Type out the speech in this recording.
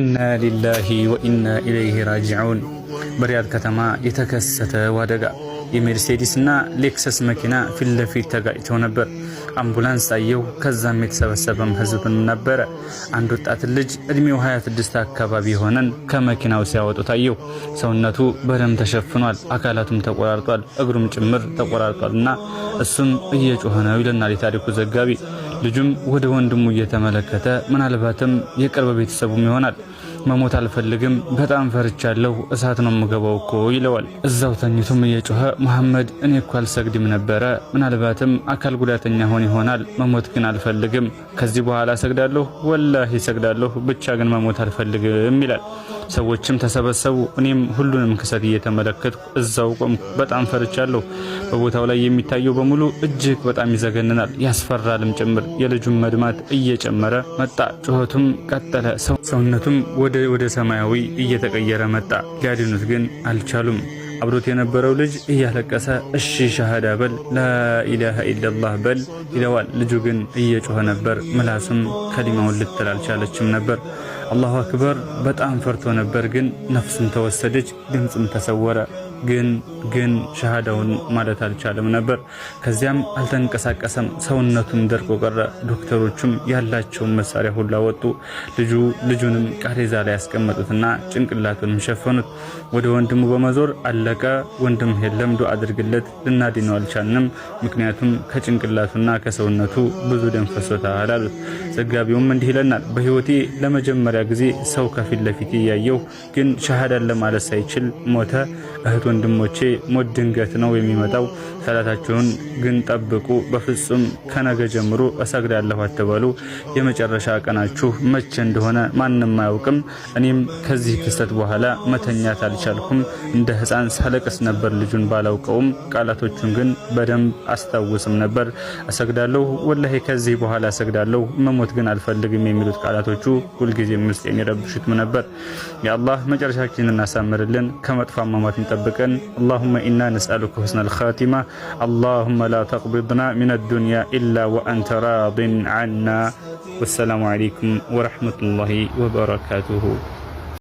ኢና ሊላሂ ወኢና ኢለይህ ራጅዑን። በሪያድ ከተማ የተከሰተው አደጋ እና ሌክሰስ መኪና ፊት ለፊት ተጋጭተው ነበር። አምቡላንስ አየው፣ ከዛም የተሰበሰበም ህዝብ ነበረ። አንድ ወጣት ልጅ እድሜው 26 አካባቢ የሆነን ከመኪናው ሲያወጡ ታየው። ሰውነቱ በደም ተሸፍኗል፣ አካላቱም ተቆራርጧል፣ እግሩም ጭምር ተቆራርጧልና እሱም እየጮኸ ነው ይለናል የታሪኩ ዘጋቢ። ልጁም ወደ ወንድሙ እየተመለከተ ምናልባትም የቅርብ ቤተሰቡም ይሆናል መሞት አልፈልግም፣ በጣም ፈርቻለሁ፣ እሳት ነው የምገባው እኮ ይለዋል። እዛው ተኝቶም እየጮኸ መሐመድ እኔ እኮ አልሰግድም ነበረ፣ ምናልባትም አካል ጉዳተኛ ሆን ይሆናል፣ መሞት ግን አልፈልግም። ከዚህ በኋላ እሰግዳለሁ፣ ወላሂ እሰግዳለሁ፣ ብቻ ግን መሞት አልፈልግም ይላል። ሰዎችም ተሰበሰቡ። እኔም ሁሉንም ክሰት እየተመለከትኩ እዛው ቆምኩ። በጣም ፈርቻለሁ። በቦታው ላይ የሚታየው በሙሉ እጅግ በጣም ይዘገንናል፣ ያስፈራልም ጭምር። የልጁን መድማት እየጨመረ መጣ። ጩኸቱም ቀጠለ። ሰውነቱም ወደ ወደ ሰማያዊ እየተቀየረ መጣ። ሊያድኑት ግን አልቻሉም። አብሮት የነበረው ልጅ እያለቀሰ እሺ ሻሃዳ በል ላኢላሃ ኢለላህ በል ይለዋል። ልጁ ግን እየጮኸ ነበር። ምላሱም ከሊማውን ልትል አልቻለችም ነበር። አላሁ አክበር በጣም ፈርቶ ነበር። ግን ነፍሱም ተወሰደች፣ ድምፅም ተሰወረ። ግን ግን ሻሃዳውን ማለት አልቻለም ነበር። ከዚያም አልተንቀሳቀሰም፣ ሰውነቱም ደርቆ ቀረ። ዶክተሮቹም ያላቸውን መሳሪያ ሁላ ወጡ። ልጁ ልጁንም ቃሬዛ ላይ ያስቀመጡትና ጭንቅላቱንም ሸፈኑት። ወደ ወንድሙ በመዞር አለቀ። ወንድም የለም፣ ዱ አድርግለት፣ ልናድነው አልቻልንም፣ ምክንያቱም ከጭንቅላቱና ከሰውነቱ ብዙ ደም ፈሶታል አሉት። ዘጋቢውም እንዲህ ይለናል፣ በህይወቴ ለመጀመሪያ ጊዜ ሰው ከፊት ለፊት እያየሁ ግን ሻሃዳን ለማለት ሳይችል ሞተ። እህቱ ወንድሞቼ ሞት ድንገት ነው የሚመጣው። ሰላታችሁን ግን ጠብቁ። በፍጹም ከነገ ጀምሮ እሰግዳለሁ አትበሉ። የመጨረሻ ቀናችሁ መቼ እንደሆነ ማንም አያውቅም። እኔም ከዚህ ክስተት በኋላ መተኛት አልቻልኩም። እንደ ሕፃን ሳለቅስ ነበር። ልጁን ባላውቀውም ቃላቶቹን ግን በደንብ አስታውስም ነበር። እሰግዳለሁ፣ ወላሂ ከዚህ በኋላ እሰግዳለሁ፣ መሞት ግን አልፈልግም የሚሉት ቃላቶቹ ሁልጊዜም ውስጤን ይረብሹትም ነበር። የአላህ መጨረሻችንን እናሳምርልን፣ ከመጥፎ አሟሟት እንጠብቅ። مباركا اللهم إنا نسألك حسن الخاتمة اللهم لا تقبضنا من الدنيا إلا وأنت راض عنا والسلام عليكم ورحمة الله وبركاته